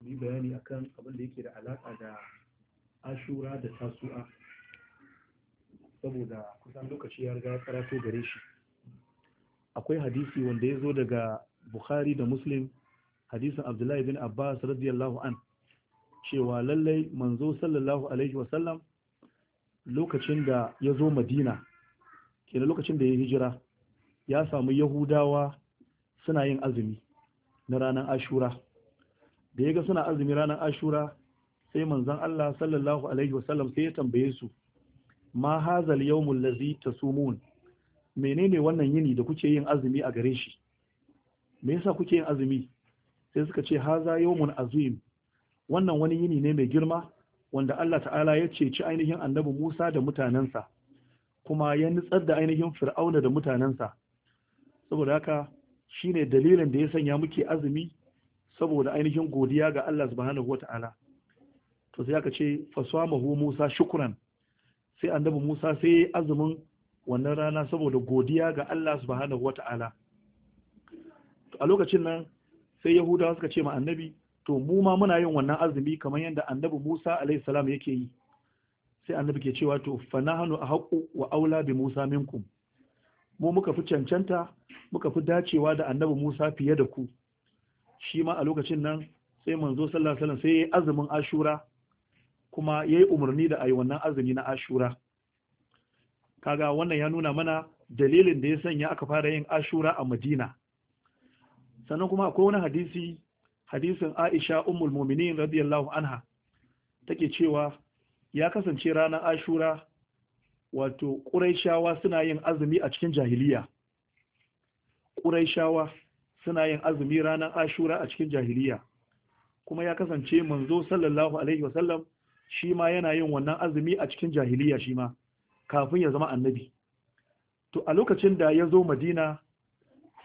yi bayani akan abin da yake da alaƙa da ashura da tasu'a saboda kusan lokaci ya riga ya karato gare shi akwai hadisi wanda ya zo daga bukhari da muslim hadisin abdullahi bin abbas radiyallahu an cewa lallai manzo sallallahu alaihi wasallam lokacin da ya zo madina kenan lokacin da ya hijira ya samu yahudawa suna yin azumi na ranar ashura da ya ga suna azumi ranar ashura sai manzan Allah sallallahu alaihi wasallam sai ya tambaye su ma hazal yawmul ta tasumun menene wannan yini da kuke yin azumi a gare shi me yasa kuke yin azumi sai suka ce haza yawmun azim wannan wani yini ne mai girma wanda Allah ta'ala ya ceci ainihin annabi Musa da mutanensa kuma ya nutsar da ainihin fir'auna da mutanensa saboda haka shine dalilin da ya sanya muke azumi saboda ainihin godiya ga Allah subhanahu wata'ala to sai aka ce mahu Musa shukran sai annabi Musa sai azumin wannan rana saboda godiya ga Allah subhanahu wata'ala a lokacin nan sai Yahudawa suka ce ma annabi to mu ma muna yin wannan azumi kamar yadda annabi Musa alaihi salam yake yi sai annabi ke cewa to fa a ahqqu wa aula bi Musa minkum mu muka fi cancanta muka fi dacewa da annabi Musa fiye da ku shi ma a lokacin nan sai manzo sallallahu alaihi wasallam sai yayi azumin ashura kuma yayi umarni da ayi wannan azumi na ashura kaga wannan ya nuna mana dalilin da ya sanya aka fara yin ashura a madina sannan kuma akwai wani hadisi hadisin aisha ummul mu'minin radiyallahu anha take cewa ya kasance ranar ashura wato ƙuraishawa suna yin azumi a cikin jahiliya ƙuraishawa suna yin azumi ranar ashura a cikin jahiliya kuma ya kasance manzo sallallahu alaihi wasallam shi ma yana yin wannan azumi a cikin jahiliya shi ma kafin ya zama annabi to a lokacin da ya zo madina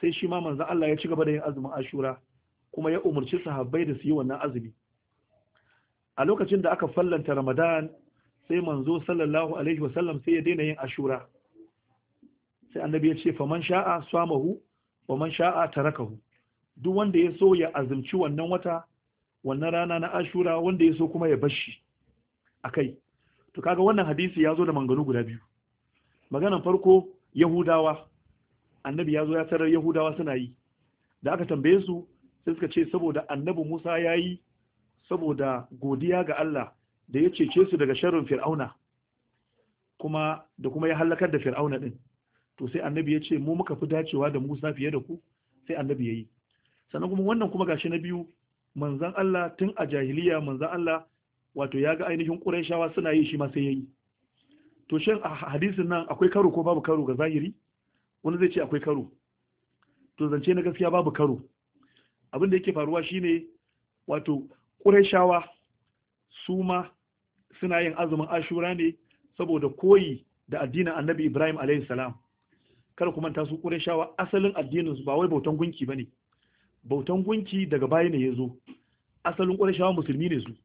sai shi ma manzo Allah ya ci gaba da yin azumin ashura kuma ya umarci sahabbai da su yi wannan azumi a lokacin da aka fallanta ramadan sai manzo sallallahu alaihi wasallam sai ya daina yin ashura sai annabi ya ce faman sha'a samahu wa man sha'a tarakahu duk wanda ya so ya azumci wannan wata wannan rana na ashura wanda ya so kuma ya bashi akai to kaga wannan hadisi ya zo da manganu guda biyu maganan farko yahudawa annabi ya zo ya tarar yahudawa suna yi da aka tambaye su sai suka ce saboda annabi musa ya yi saboda godiya ga allah da ya cece su daga sharrin fir'auna kuma da kuma ya halakar da fir'auna din to sai annabi ya ce mu muka fi dacewa da Musa fiye da ku sai annabi ya yi sannan kuma wannan kuma gashi na biyu manzan Allah tun a jahiliya manzan Allah wato ya ga ainihin Qurayshawa suna yi shi ma sai yayi to shin a hadisin nan akwai karo ko babu karo ga zahiri wani zai ce akwai karo to zance na gaskiya babu karo abin da yake faruwa shine wato Qurayshawa su ma suna yin azumin Ashura ne saboda koyi da addinin Annabi Ibrahim alayhi salam kada ku manta su ƙureshawa asalin addininsu ba wai bautan gunki ba ne bautan gunki daga baya ne ya zo asalin ƙureshawa musulmi ne su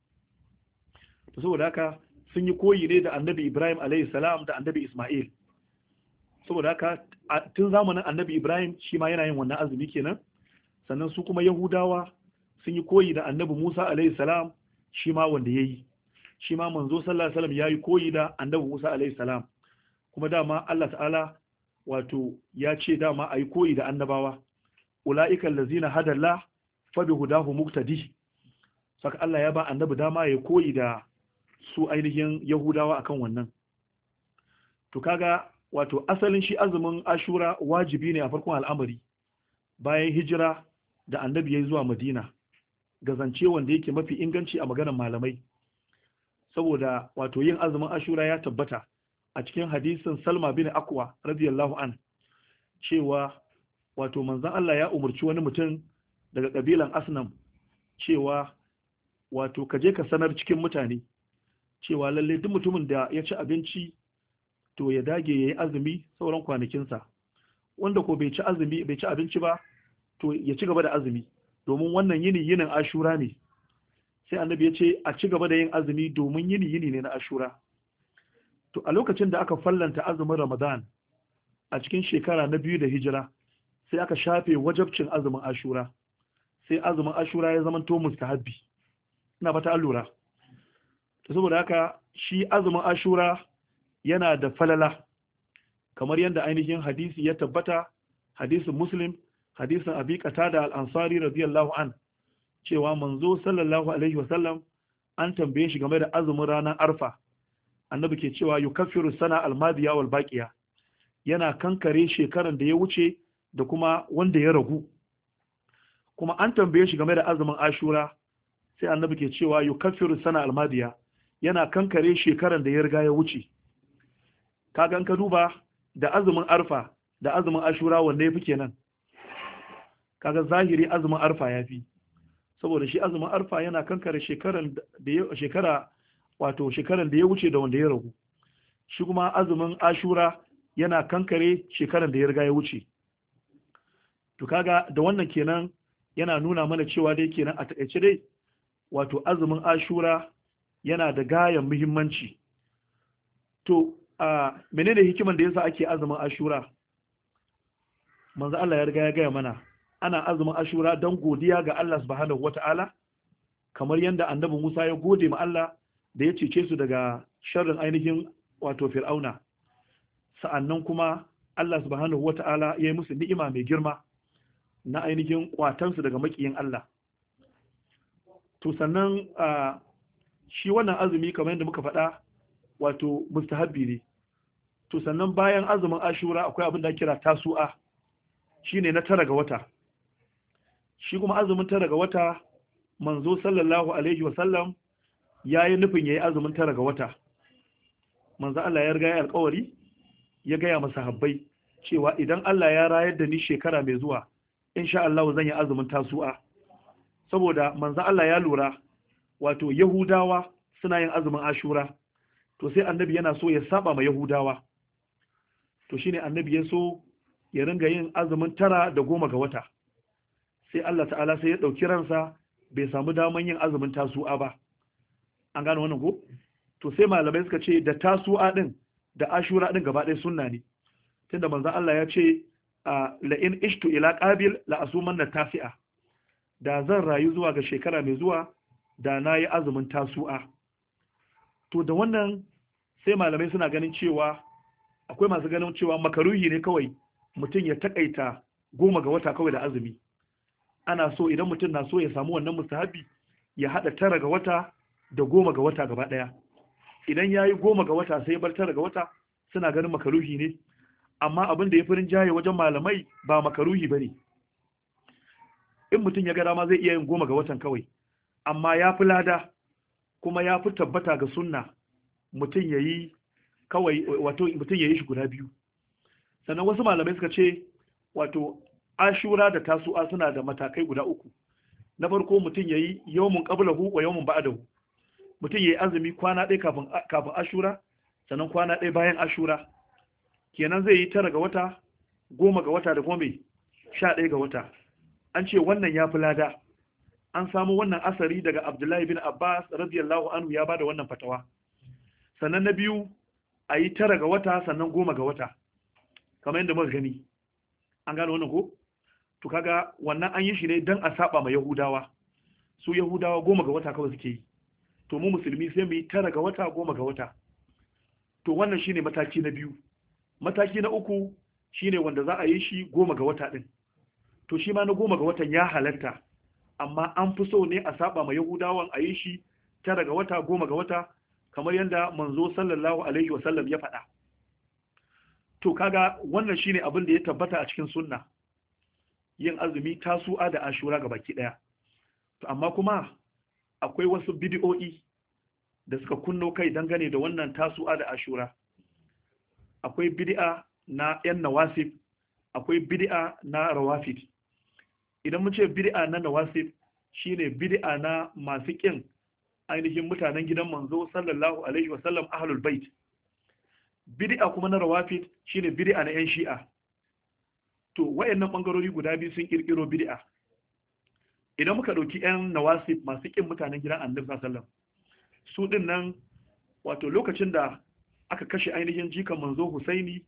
to saboda haka sun yi koyi ne da annabi ibrahim alayhi salam da annabi isma'il saboda haka tun zamanin annabi ibrahim shi ma yana yin wannan azumi kenan sannan su kuma yahudawa sun yi koyi da annabi musa alayhi salam shi ma wanda ya yi shi ma manzo sallallahu alaihi wasallam ya yi koyi da annabi musa alayhi salam kuma dama allah ta'ala wato ya ce dama a yi koyi da annabawa ula'ikan lazina hadalla fabi hudahu muktadi saka Allah ya ba annabi dama ya koyi da su ainihin yahudawa akan wannan to kaga wato asalin shi azumin ashura wajibi ne a farkon al'amari bayan hijira da annabi ya yi zuwa madina gazance wanda yake mafi inganci a maganar malamai saboda wato yin azumin ashura ya tabbata a cikin hadisin Salma bin Akwa radiyallahu an cewa wato manzon Allah ya umarci wani mutum daga kabilan Asnam cewa wato ka je ka sanar cikin mutane cewa lalle duk mutumin da ya ci abinci to ya dage ya yi azumi sauran kwanakinsa wanda ko bai ci bai ci abinci ba to ya ci gaba da azumi domin wannan yini yinin ashura ne sai annabi ya ce a ci gaba da yin azumi domin yini yini ne na ashura to a lokacin da aka fallanta azumin ramadan a cikin shekara na biyu da hijira sai aka shafe wajabcin azumin ashura sai azumin ashura ya zama to mustahabbi ina ba ta allura to saboda haka shi azumin ashura yana da falala kamar yadda ainihin hadisi ya tabbata hadisin muslim hadisin abi qatada al-ansari radiyallahu an cewa manzo sallallahu alaihi wasallam an tambaye shi game da azumin ranar arfa annabi ke cewa yukaffiru sana almadiya wal baqiya yana kankare shekaran da ya wuce da kuma wanda ya ragu kuma an tambaye shi game da azumin ashura sai annabi ke cewa yukaffiru sana almadiya yana kankare shekaran da ya riga ya wuce ka ka duba da azumin arfa da azumin ashura wanda ya fi kenan kaga zahiri azumin arfa ya fi saboda shi azumin arfa yana kankare shekaran da shekara wato shekaran da ya wuce da wanda ya ragu shi kuma azumin ashura yana kankare shekaran da ya riga ya wuce to kaga da wannan kenan yana nuna mana cewa dai kenan a taƙaice dai wato azumin ashura yana da gayan muhimmanci to a menene hikiman da yasa ake azumin ashura manzo Allah ya riga ya gaya mana ana azumin ashura don godiya ga Allah subhanahu wata'ala kamar yadda annabi Musa ya gode ma Allah da ya cece su daga sharrin ainihin wato fir'auna sa'annan kuma Allah subhanahu Ta'ala ya yi musu ni'ima mai girma na ainihin kwatansu daga makiyin Allah to sannan shi wannan azumi kamar yadda muka faɗa wato mustahabbi ne to sannan bayan azumin ashura akwai abin da kira tasu'a shi ne na tara ga wata shi kuma azumin tara ga wata manzo sallallahu alaihi wasallam ya yi nufin ya yi azumin tara ga wata manzo Allah ya riga ya alkawari ya gaya masa habbai cewa idan Allah ya rayar da ni shekara mai zuwa insha Allah zan yi azumin tasu'a saboda manzo Allah ya lura wato yahudawa suna yin azumin ashura to sai annabi yana so ya saba ma yahudawa to shine annabi ya so ya ringa yin azumin tara da goma ga wata sai Allah ta'ala sai ya ɗauki ransa bai samu daman yin azumin tasu'a ba an gano wannan ko to sai malamai suka ce da tasu'a din da ashura din gaba ɗaya sunna ne tunda manzon Allah ya ce la in ishtu ila qabil la na tafi'a. da zan rayu zuwa ga shekara mai zuwa da nayi azumin tasu'a to da wannan sai malamai suna ganin cewa akwai masu ganin cewa makaruhi ne kawai mutum ya takaita goma ga wata kawai da azumi ana so idan mutum na so ya samu wannan mustahabi ya haɗa tara ga wata da goma ga wata gaba ɗaya idan ya yi goma ga wata sai bar tara ga wata suna ganin makaruhi ne amma abin da ya fi rinjaye wajen malamai ba makaruhi ba ne in mutum ya gada ma zai iya yin goma ga watan kawai amma ya fi lada kuma ya fi tabbata ga sunna mutum ya yi kawai wato mutum ya yi shi guda biyu sannan wasu malamai suka ce wato ashura da tasu'a suna da matakai guda uku na farko mutum ya yi yawmun hu wa yawmin ba'adahu mutum ya yi azumi kwana ɗaya kafin ashura sannan kwana ɗaya bayan ashura kenan zai yi tara ga wata goma ga wata da gome sha ɗaya ga wata an ce wannan ya fi lada an samu wannan asari daga abdullahi bin abbas radiyallahu anhu ya bada wannan fatawa sannan na biyu a yi tara ga wata sannan goma ga wata kamar yadda muka gani an gano wannan ko to kaga wannan an yi shi ne don a saba ma yahudawa su yahudawa goma ga wata kawai suke yi to mu musulmi sai mu yi tara ga wata goma ga wata to wannan shine mataki na biyu mataki na uku shine wanda za a yi shi goma ga wata din to shi ma na goma ga watan ya halarta amma an fi so ne a saba ma yahudawan a yi shi tara ga wata goma ga wata kamar yadda manzo sallallahu alaihi wasallam ya faɗa to kaga wannan shine abin da ya tabbata a cikin sunna yin azumi ta su'a da ashura ga baki ɗaya, to amma kuma akwai wasu bidiyo'i da suka kunno kai dangane da wannan tasu'a da ashura akwai bid'a na yan nawasif akwai bidi'a na rawafid idan mun ce bid'a na nawasif shine bidi'a na masu kin ainihin mutanen gidan manzo sallallahu alaihi wasallam ahlul bait Bidi'a kuma na rawafid shine bid'a na yan shi'a to wayannan bangarori guda biyu sun kirkiro bidi'a idan muka ɗauki 'yan nawasi masu ƙin mutanen gidan annabi sallam su ɗin nan wato lokacin da aka kashe ainihin jikan manzo husaini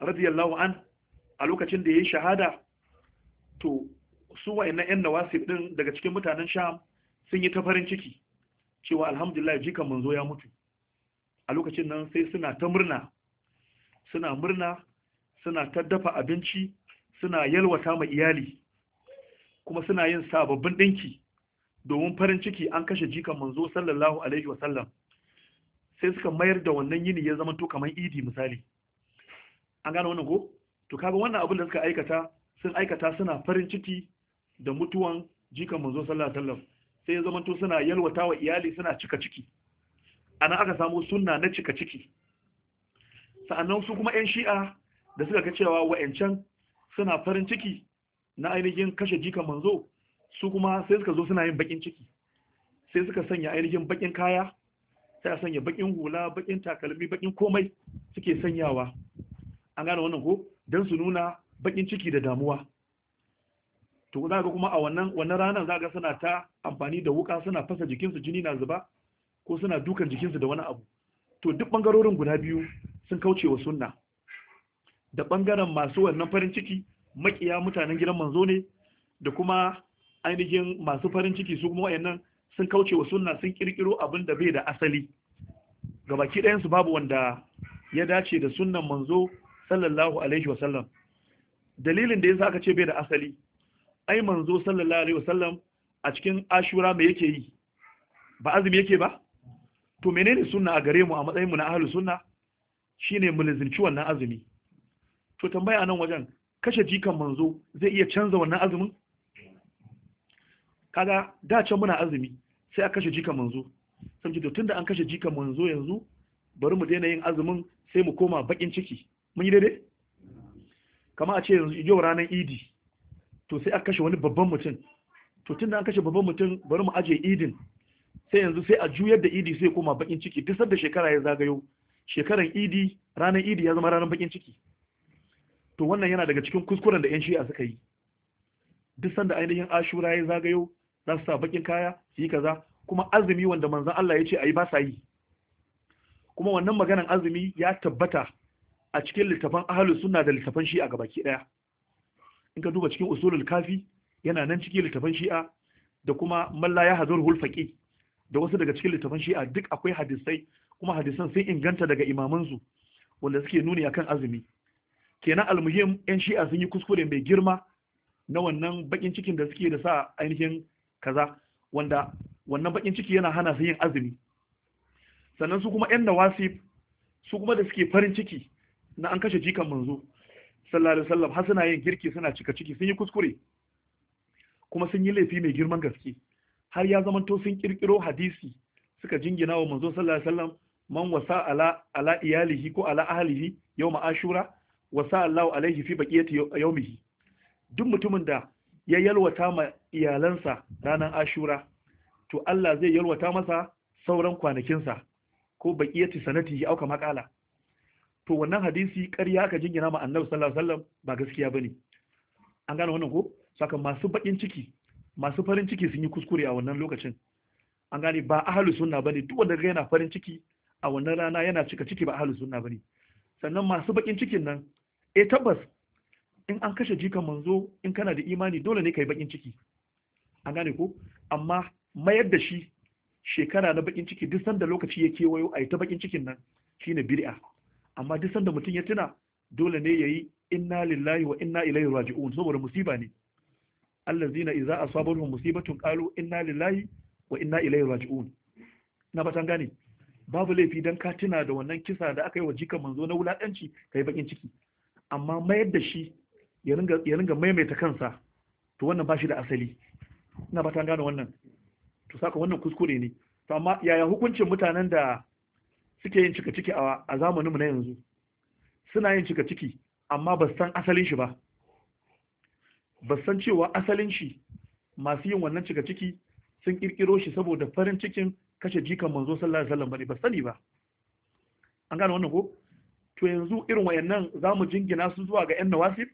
radiyallahu an a lokacin da ya yi shahada to su wa'annan 'yan nawasi ɗin daga cikin mutanen sham sun yi ta farin ciki cewa alhamdulillah jikan manzo ya mutu a lokacin nan sai suna ta murna suna murna suna ta dafa abinci suna yalwata ma iyali kuma suna yin sababbin ɗinki domin farin ciki an kashe jikan manzo sallallahu alaihi wasallam sai suka mayar da wannan yini ya zama to kamar idi misali an gane wannan ko to kaga wannan abin da suka aikata sun aikata suna farin ciki da mutuwan jikan manzo sallallahu alaihi wasallam sai ya zama to suna yalwata wa iyali suna cika ciki ana aka samu sunna na cika ciki sa'annan su kuma 'yan shi'a da suka ga cewa wa'ancan suna farin ciki na ainihin kashe jikan manzo su kuma sai suka zo suna yin bakin ciki sai suka sanya ainihin bakin kaya sai a sanya bakin hula bakin takalmi bakin komai suke sanyawa an gane wannan ko don su nuna bakin ciki da damuwa to za ga kuma a wannan wannan ranar za ga suna ta amfani da wuka suna fasa jikinsu jini na zuba ko suna dukan jikinsu da wani abu to duk bangarorin guda biyu sun kauce wa sunna da bangaren masu wannan farin ciki makiya mutanen gidan manzo ne da kuma ainihin masu farin ciki su kuma wayannan sun kauce wa sunna sun kirkiro abin da bai da asali gabaki ɗayansu babu wanda ya dace da sunnan manzo sallallahu alaihi sallam dalilin da yasa aka ce bai da asali ai manzo sallallahu alaihi wa sallam a cikin ashura me yake yi ba azumi yake ba to menene sunna a gare mu a matsayin mu na ahlus sunna shine mulzinci wannan azumi to tambaya nan wajen kashe jikan manzo zai iya canza wannan azumin kaga da can muna azumi sai a kashe jikan manzo sai ji tunda an kashe jikan manzo yanzu bari mu daina yin azumin sai mu koma bakin ciki mun yi daidai kamar a ce yanzu yau ranar idi to sai a kashe wani babban mutum to tunda an kashe babban mutum bari mu aje idin sai yanzu sai a juyar da idi sai koma bakin ciki duk da shekara ya zagayo shekaran idi ranar idi ya zama ranar bakin ciki to wannan yana daga cikin kuskuren da yan shi'a suka yi duk sanda ainihin ashura ya zagayo za su sa bakin kaya su yi kaza kuma azumi wanda manzon Allah ya ce ayi ba sa yi kuma wannan maganan azumi ya tabbata a cikin littafan ahlus sunna da littafan shi'a gabaki daya in ka duba cikin usulul kafi yana nan cikin littafan shi'a da kuma malla ya hazur hulfaqi da wasu daga cikin littafan shi'a duk akwai hadisai kuma hadisan sun inganta daga imamansu wanda suke nuni akan azumi kenan almuhim yan shi'a sun yi kuskure mai girma na wannan bakin cikin da suke da sa ainihin kaza wanda wannan bakin ciki yana hana su yin azumi sannan su kuma yan nawasi su kuma da suke farin ciki na an kashe jikan manzo sallallahu alaihi wasallam har suna yin girki suna cika ciki sun yi kuskure kuma sun yi laifi mai girman gaske har ya zamanto sun kirkiro hadisi suka jingina wa manzo sallallahu alaihi wasallam man wasa ala ala iyalihi ko ala ahlihi yawma ashura wa sa'allahu alaihi fi baqiyati yawmihi duk mutumin da ya yalwata ma iyalansa ranan ashura to Allah zai yalwata masa sauran kwanakinsa ko baqiyati sanatihi auka makala to wannan hadisi ƙarya ka jingina ma annabi sallallahu alaihi wasallam ba gaskiya bane an gane wannan ko saka masu bakin ciki masu farin ciki sun yi kuskure a wannan lokacin an gane ba ahlus sunna bane duk wanda yana farin ciki a wannan rana yana cika ciki ba ahlus sunna bane sannan masu bakin cikin nan E tabbas in an kashe jikan manzo in kana da imani dole ne yi bakin ciki an gane ko amma mayar da shi shekara na bakin ciki duk sanda lokaci ya kewayo a yi ta bakin cikin nan shine bid'a amma duk sanda mutum ya tuna dole ne yayi inna lillahi wa inna ilaihi raji'un saboda musiba ne allazina idza asabahum musibatun qalu inna lillahi wa inna ilaihi raji'un na batan gane babu laifi dan ka tuna da wannan kisa da aka yi wa jikan manzo na wuladanci kai bakin ciki amma mayar da shi ya ringa maimaita kansa to wannan ba shi da asali ina ba ta gano wannan to saka wannan kuskure ne to amma yaya hukuncin mutanen da suke yin cika ciki a zamaninmu na yanzu suna yin cika ciki amma ba san asalin shi ba ba san cewa asalin shi masu yin wannan cika ciki sun kirkiro shi saboda farin cikin kashe jikan manzo sallallahu alaihi wasallam bane ba sani ba an gano wannan ko to yanzu irin wayannan za mu jingina su zuwa ga 'yan nawasi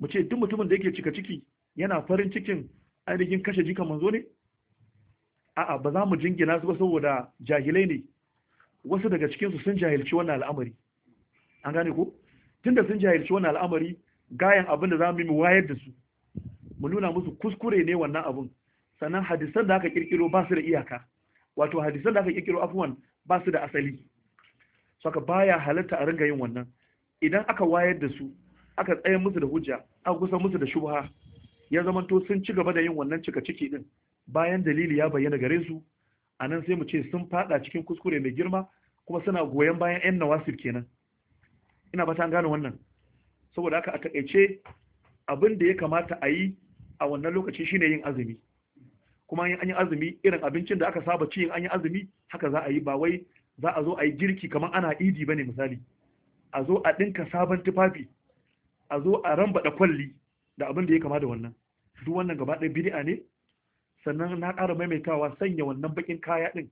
mu ce duk mutumin da yake cika ciki yana farin cikin ainihin kashe jika manzo ne a'a ba za mu jingina su ba saboda jahilai ne wasu daga cikinsu sun jahilci wannan al'amari an gane ko tunda sun jahilci wannan al'amari gayan abin da za mu yi mu wayar da su mu nuna musu kuskure ne wannan abun. sannan hadisan da aka kirkiro ba su da iyaka wato hadisan da aka kirkiro afuwan ba su da asali saka baya halatta a ringa yin wannan idan aka wayar da su aka tsaye musu da hujja aka kusa musu da shubha ya zamanto sun ci gaba da yin wannan cika ciki din bayan dalili ya bayyana gare su a nan sai mu ce sun fada cikin kuskure mai girma kuma suna goyon bayan yan nawasif kenan ina ba ta gane wannan saboda haka a takaice abin da ya kamata a yi a wannan lokaci shine yin azumi kuma an yi azumi irin abincin da aka saba ci an yi azumi haka za a yi ba wai za a zo a yi girki kamar ana idi bane misali a zo a ɗinka sabon tufafi a zo a rambaɗa kwalli da abin da ya kama da wannan duk wannan gaba ɗaya bid'a ne sannan na ƙara maimaitawa sanya wannan baƙin kaya ɗin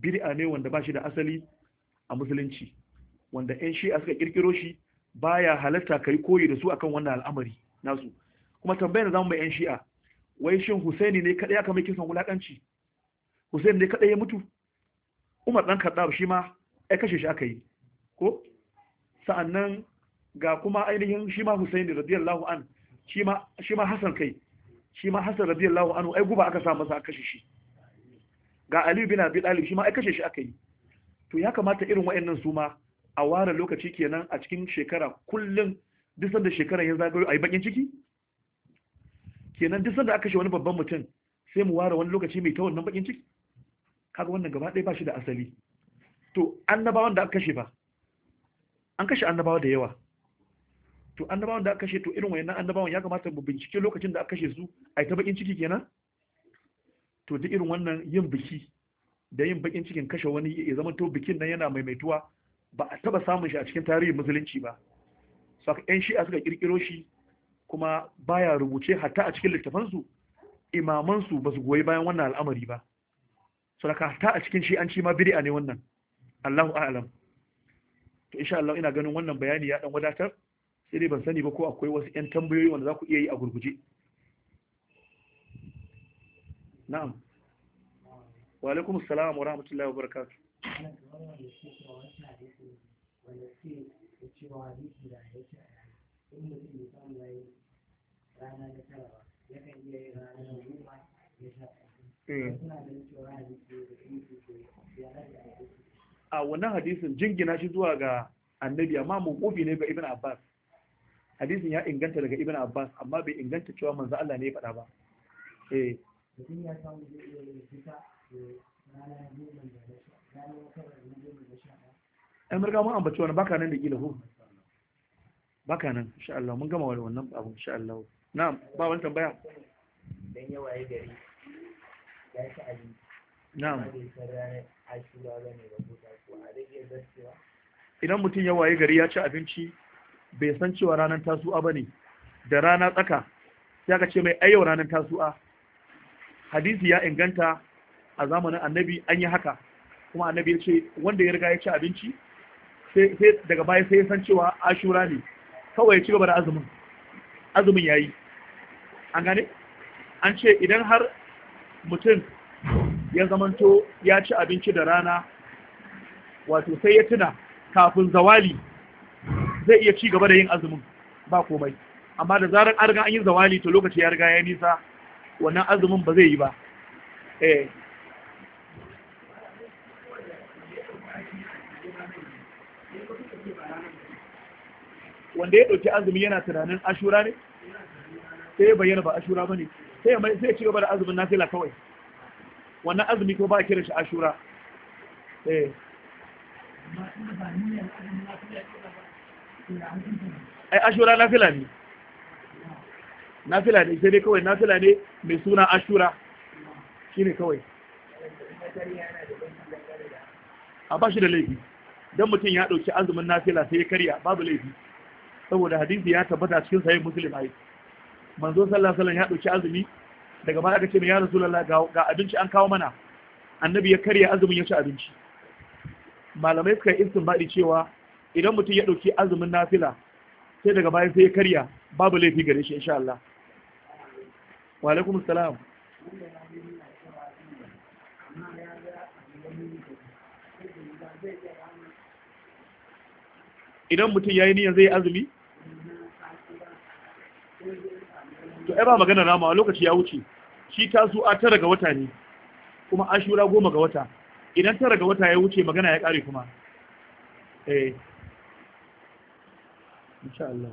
bid'a ne wanda ba shi da asali a musulunci wanda 'yan shi'a suka ƙirƙiro shi baya halarta kai koyi da su akan wannan al'amari nasu kuma tambayar da zamu mai 'yan shi'a wai shin Husaini ne kaɗai aka mai kisan wulaƙanci Husaini ne kaɗai ya mutu umar ɗan kaddab shi ma ai kashe shi aka yi ko sa'annan ga kuma ainihin shi ma husaini radiyallahu an shi ma shi ma Hassan kai shi ma hasan radiyallahu anhu ai guba aka sa masa aka kashe shi ga ali bin abi talib shi ma ai kashe shi aka yi to ya kamata irin wa'annan su ma a ware lokaci kenan a cikin shekara kullum duk sanda shekara ya zagayo ai bakin ciki kenan duk sanda aka kashe wani babban mutum sai mu ware wani lokaci mai ta wannan bakin ciki kaga wannan gaba ɗaya ba da asali to annabawan da aka kashe ba an kashe annabawa da yawa to annabawan da aka kashe to irin wayannan annabawan ya kamata mu bincike lokacin da aka kashe su ai ta bakin ciki kenan to duk irin wannan yin biki da yin bakin cikin kashe wani ya zama to bikin nan yana maimaituwa ba a taba samun shi a cikin tarihin musulunci ba saka yan shi'a suka kirkiro shi kuma baya rubuce hatta a cikin littafansu imamansu ba su goyi bayan wannan al'amari ba saboda ta a cikin shi an ci ma bid'a ne wannan Allahu a'lam to insha Allah ina ganin wannan bayani ya dan wadatar sai dai ban sani ba ko akwai wasu ƴan tambayoyi wanda za ku iya yi a gurguje na'am wa alaikum assalam wa rahmatullahi wa barakatuh yakan iya yi rana da ya Hmm. a wannan hadisin jingina shi zuwa ga annabi amma mawqufi ne ga ibn abbas hadisin ya inganta daga ibn abbas amma bai inganta cewa manzo Allah ne ya faɗa ba eh amma ga mun ambaci wani baka nan da gila ho baka nan insha Allah mun gama wannan abu insha Allah na'am ba wani tambaya dan yawa gari idan mutum ya waye gari ya ci abinci bai san cewa ranar tasu'a ba ne da rana tsaka sai aka ce mai ayyau ranar tasu'a hadisi ya inganta a zamanin annabi an yi haka kuma annabi ya ce wanda ya riga ya ci abinci sai daga baya sai ya san cewa ashura ne kawai ya ci gaba da azumin azumin yayi an gane an ce idan har mutum ya zamanto ya ci abinci da rana wato sai ya tuna kafin zawali zai iya ci gaba da yin azumin ba komai amma da zarar an riga an yi zawali to lokaci ya riga ya nisa wannan azumin ba zai yi ba eh wanda ya ɗauki azumi yana tunanin ashura ne sai ya bayyana ba ashura ba ne sai mai sai ci gaba da azumin nafila kawai wannan azumi ko ba kira shi ashura eh ai ashura nafila ne nafila ne sai dai kawai nafila ne mai suna ashura shine kawai a ba shi da laifi don mutum ya ɗauki azumin nafila sai ya karya babu laifi saboda hadisi ya tabbata cikin sahih muslim ai manzo sallallahu alaihi ya dauki azumi daga baya aka ce ya rasulullah ga abinci an kawo mana annabi ya karya azumin ya ci abinci malamai suka yi istinbadi cewa idan mutum ya dauki azumin nafila sai daga baya sai ya karya babu laifi gare shi insha Allah wa alaikum salam idan mutum ya yi niyan zai azumi to ai ba magana nama lokaci ya wuce shi ta zo a tara ga wata ne kuma ashura goma ga wata idan tara ga wata ya wuce magana ya kare kuma eh insha Allah